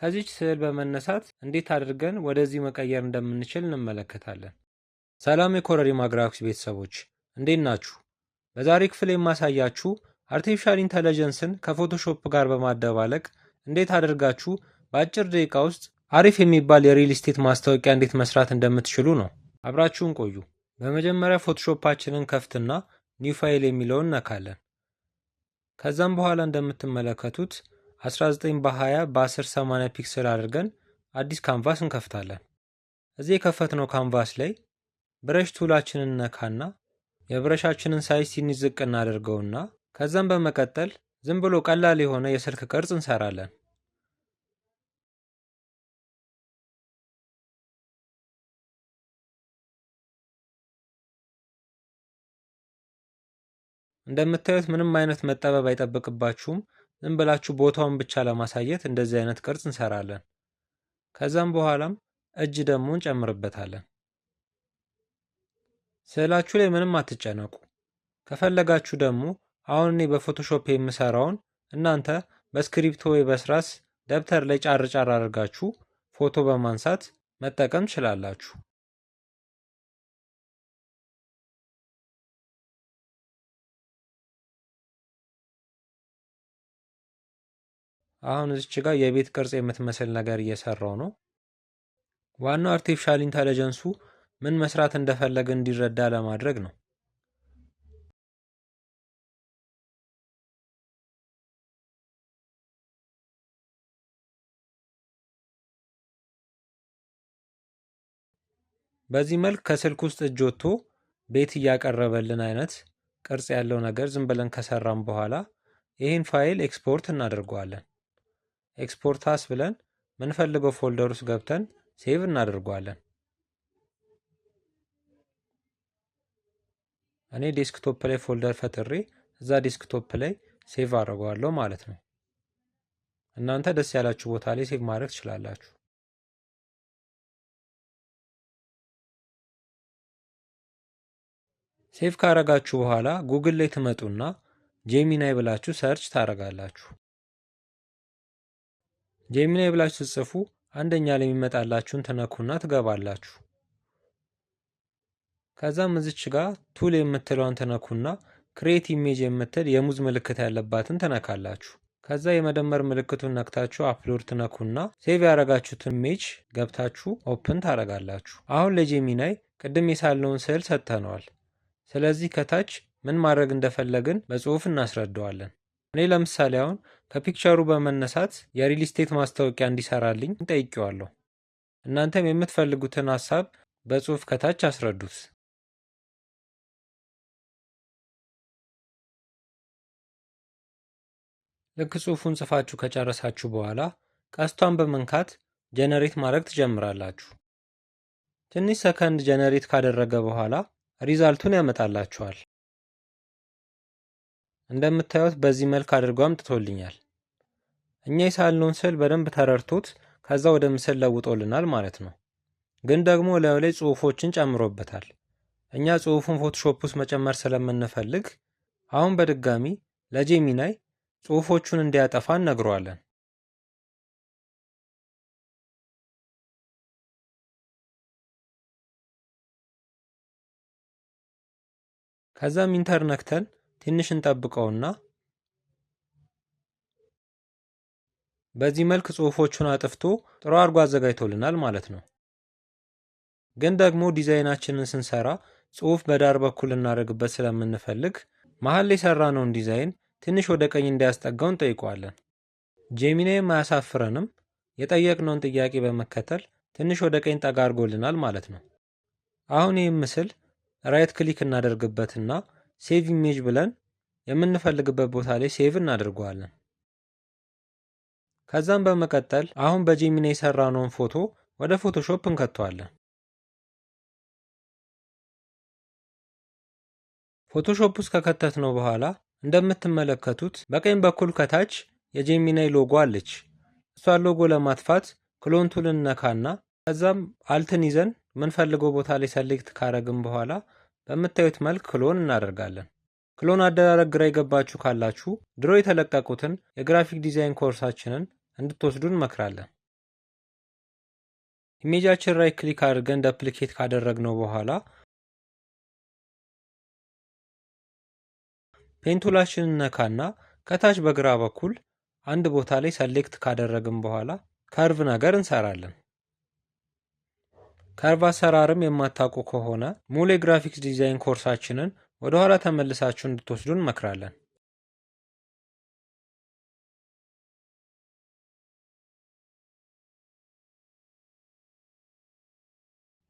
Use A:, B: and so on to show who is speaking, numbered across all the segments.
A: ከዚች ስዕል በመነሳት እንዴት አድርገን ወደዚህ መቀየር እንደምንችል እንመለከታለን። ሰላም የኮረሪማ ግራፊክስ ቤተሰቦች እንዴት ናችሁ? በዛሬ ክፍል የማሳያችሁ አርቲፊሻል ኢንተለጀንስን ከፎቶሾፕ ጋር በማደባለቅ እንዴት አድርጋችሁ በአጭር ደቂቃ ውስጥ አሪፍ የሚባል የሪል ስቴት ማስታወቂያ እንዴት መስራት እንደምትችሉ ነው። አብራችሁን ቆዩ። በመጀመሪያ ፎቶሾፓችንን ከፍትና ኒው ፋይል የሚለውን ነካለን። ከዛም በኋላ እንደምትመለከቱት 19 በ20 በ1080 ፒክስል አድርገን አዲስ ካንቫስ እንከፍታለን። እዚህ የከፈትነው ካንቫስ ላይ ብረሽ ቱላችንን ነካና የብረሻችንን ሳይዝ ትንሽ ዝቅ እናደርገውና ከዛም በመቀጠል ዝም ብሎ ቀላል የሆነ የስልክ ቅርጽ እንሰራለን። እንደምታዩት ምንም አይነት መጠበብ አይጠብቅባችሁም። እንብላችሁ ቦታውን ብቻ ለማሳየት እንደዚህ አይነት ቅርጽ እንሰራለን። ከዛም በኋላም እጅ ደግሞ እንጨምርበታለን። ስዕላችሁ ላይ ምንም አትጨነቁ። ከፈለጋችሁ ደግሞ አሁን እኔ በፎቶሾፕ የምሰራውን እናንተ በስክሪፕቶ ወይ በስራስ ደብተር ላይ ጫር ጫር አድርጋችሁ ፎቶ በማንሳት መጠቀም ትችላላችሁ። አሁን እዚች ጋር የቤት ቅርጽ የምትመስል ነገር እየሰራው ነው። ዋናው አርቲፊሻል ኢንተለጀንሱ ምን መስራት እንደፈለገ እንዲረዳ ለማድረግ ነው። በዚህ መልክ ከስልክ ውስጥ እጅ ወጥቶ ቤት እያቀረበልን አይነት ቅርጽ ያለው ነገር ዝም ብለን ከሰራም በኋላ ይህን ፋይል ኤክስፖርት እናደርገዋለን። ኤክስፖርታስ ብለን ምንፈልገው ፎልደር ውስጥ ገብተን ሴቭ እናደርገዋለን። እኔ ዴስክቶፕ ላይ ፎልደር ፈጥሬ እዛ ዴስክቶፕ ላይ ሴቭ አድርገዋለሁ ማለት ነው። እናንተ ደስ ያላችሁ ቦታ ላይ ሴቭ ማድረግ ትችላላችሁ። ሴቭ ካረጋችሁ በኋላ ጉግል ላይ ትመጡና ጄሚናይ ብላችሁ ሰርች ታረጋላችሁ። ጄሚናይ ብላችሁ ስትጽፉ አንደኛ ላይ የሚመጣላችሁን ትነኩና ትገባላችሁ። ከዛም እዚች ጋር ቱል የምትለውን ትነኩና ክሬት ኢሜጅ የምትል የሙዝ ምልክት ያለባትን ትነካላችሁ። ከዛ የመደመር ምልክቱን ነክታችሁ አፕሎድ ትነኩና ሴቭ ያደረጋችሁትን ኢሜጅ ገብታችሁ ኦፕን ታደርጋላችሁ። አሁን ለጄሚናይ ቅድም የሳለውን ስዕል ሰጥተነዋል። ስለዚህ ከታች ምን ማድረግ እንደፈለግን በጽሁፍ እናስረደዋለን። እኔ ለምሳሌ አሁን ከፒክቸሩ በመነሳት የሪል ስቴት ማስታወቂያ እንዲሰራልኝ ጠይቄዋለሁ። እናንተም የምትፈልጉትን ሀሳብ በጽሁፍ ከታች አስረዱት። ልክ ጽሁፉን ጽፋችሁ ከጨረሳችሁ በኋላ ቀስቷን በመንካት ጀነሬት ማድረግ ትጀምራላችሁ። ትንሽ ሰከንድ ጀነሬት ካደረገ በኋላ ሪዛልቱን ያመጣላችኋል። እንደምታዩት በዚህ መልክ አድርጎ አምጥቶልኛል። እኛ የሳልነውን ስዕል በደንብ ተረድቶት ከዛ ወደ ምስል ለውጦልናል ማለት ነው። ግን ደግሞ ላዩ ላይ ጽሁፎችን ጨምሮበታል። እኛ ጽሁፉን ፎቶሾፕ ውስጥ መጨመር ስለምንፈልግ አሁን በድጋሚ ለጄሚናይ ጽሁፎቹን እንዲያጠፋ እነግረዋለን። ከዛም ኢንተር ነክተን ትንሽ እንጠብቀውና በዚህ መልክ ጽሁፎቹን አጥፍቶ ጥሩ አድርጎ አዘጋጅቶልናል ማለት ነው። ግን ደግሞ ዲዛይናችንን ስንሰራ ጽሁፍ በዳር በኩል እናደርግበት ስለምንፈልግ መሀል የሰራ የሰራነውን ዲዛይን ትንሽ ወደ ቀኝ እንዲያስጠጋው እንጠይቀዋለን። ጄሚናይም አያሳፍረንም። የጠየቅነውን ጥያቄ በመከተል ትንሽ ወደ ቀኝ ጠጋ አድርጎልናል ማለት ነው። አሁን ይህም ምስል ራይት ክሊክ እናደርግበትና ሴቭ ኢሜጅ ብለን የምንፈልግበት ቦታ ላይ ሴቭ እናደርገዋለን። ከዛም በመቀጠል አሁን በጄሚና የሰራነውን ፎቶ ወደ ፎቶሾፕ እንከተዋለን። ፎቶሾፕ ውስጥ ከከተትነው በኋላ እንደምትመለከቱት በቀኝ በኩል ከታች የጄሚናይ ሎጎ አለች። እሷን ሎጎ ለማጥፋት ክሎንቱን እነካና ከዛም አልትን ይዘን የምንፈልገው ቦታ ላይ ሰሌክት ካረግን በኋላ በምታዩት መልክ ክሎን እናደርጋለን። ክሎን አደራረግ ግራ የገባችሁ ካላችሁ ድሮ የተለቀቁትን የግራፊክ ዲዛይን ኮርሳችንን እንድትወስዱ እንመክራለን። ኢሜጃችን ራይት ክሊክ አድርገን ደፕሊኬት ካደረግነው በኋላ ፔንቱላችንን እነካና ከታች በግራ በኩል አንድ ቦታ ላይ ሰሌክት ካደረግን በኋላ ከርቭ ነገር እንሰራለን። አሰራርም የማታውቁ ከሆነ ሙሉ የግራፊክስ ዲዛይን ኮርሳችንን ወደኋላ ተመልሳችሁ እንድትወስዱ እንመክራለን።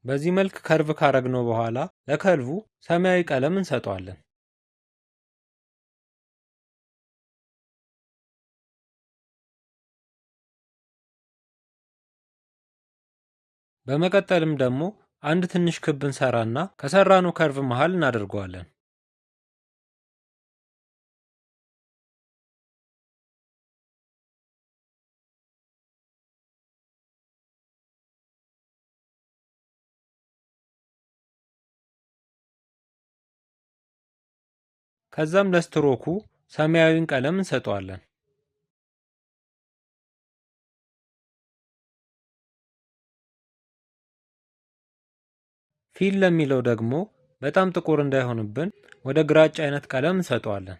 A: በዚህ መልክ ከርቭ ካረግነው በኋላ ለከልቡ ሰማያዊ ቀለም እንሰጠዋለን። በመቀጠልም ደግሞ አንድ ትንሽ ክብ እንሰራና ከሰራነው ከርቭ መሃል እናደርገዋለን። ከዛም ለስትሮኩ ሰማያዊን ቀለም እንሰጠዋለን። ፊል ለሚለው ደግሞ በጣም ጥቁር እንዳይሆንብን ወደ ግራጫ አይነት ቀለም እንሰጠዋለን።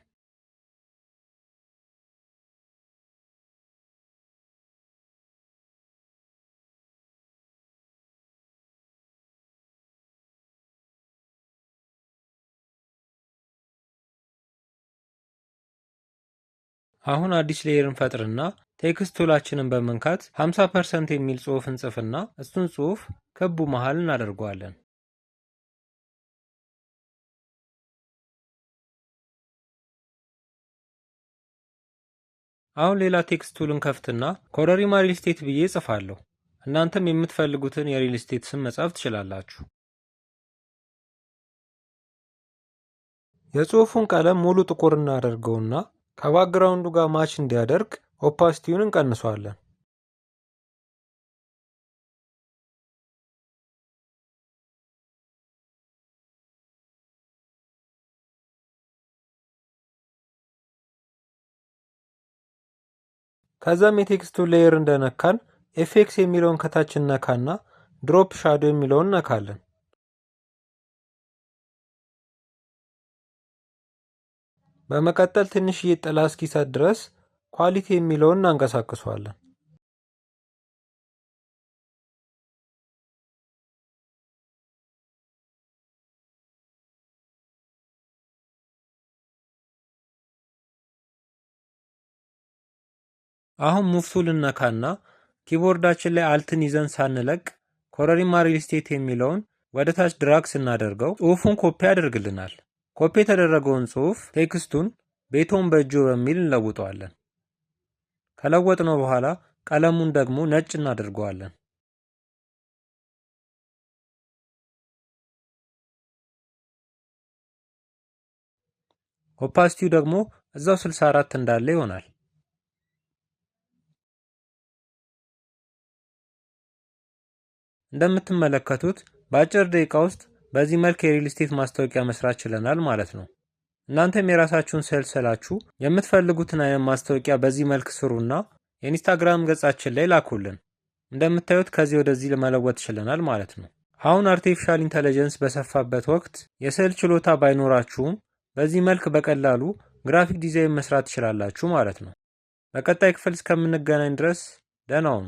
A: አሁን አዲስ ሌየር እንፈጥርና ቴክስት ቱላችንን በመንካት 50% የሚል ጽሑፍ እንጽፍና እሱን ጽሑፍ ክቡ መሃል እናደርገዋለን። አሁን ሌላ ቴክስት ቱልን ከፍትና ኮረሪማ ሪል ስቴት ብዬ ጽፋለሁ። እናንተም የምትፈልጉትን የሪል ስቴት ስም መጻፍ ትችላላችሁ። የጽሑፉን ቀለም ሙሉ ጥቁር እናደርገውና ከባክግራውንዱ ጋር ማች እንዲያደርግ ኦፓሲቲውን እንቀንሷለን። ከዛም የቴክስቱ ሌየር እንደነካን ኤፌክስ የሚለውን ከታች እነካና ድሮፕ ሻዶ የሚለውን እነካለን። በመቀጠል ትንሽዬ ጥላ እስኪሰጥ ድረስ ኳሊቲ የሚለውን እናንቀሳቅሷለን። አሁን ሙፍቱ ልነካና ኪቦርዳችን ላይ አልትን ይዘን ሳንለቅ ኮረሪማ ሪል ስቴት የሚለውን ወደ ታች ድራግ ስናደርገው ጽሁፉን ኮፒ ያደርግልናል። ኮፒ የተደረገውን ጽሁፍ ቴክስቱን ቤቶን በእጆ በሚል እንለውጠዋለን። ከለወጥነው በኋላ ቀለሙን ደግሞ ነጭ እናደርገዋለን። ኦፓሲቲው ደግሞ እዛው 64 እንዳለ ይሆናል። እንደምትመለከቱት በአጭር ደቂቃ ውስጥ በዚህ መልክ የሪል ስቴት ማስታወቂያ መስራት ችለናል ማለት ነው። እናንተም የራሳችሁን ሰልሰላችሁ የምትፈልጉትን አይነት ማስታወቂያ በዚህ መልክ ስሩና የኢንስታግራም ገጻችን ላይ ላኩልን። እንደምታዩት ከዚህ ወደዚህ ለመለወጥ ችለናል ማለት ነው። አሁን አርቲፊሻል ኢንተለጀንስ በሰፋበት ወቅት የስዕል ችሎታ ባይኖራችሁም በዚህ መልክ በቀላሉ ግራፊክ ዲዛይን መስራት ትችላላችሁ ማለት ነው። በቀጣይ ክፍል እስከምንገናኝ ድረስ ደህና ሁኑ።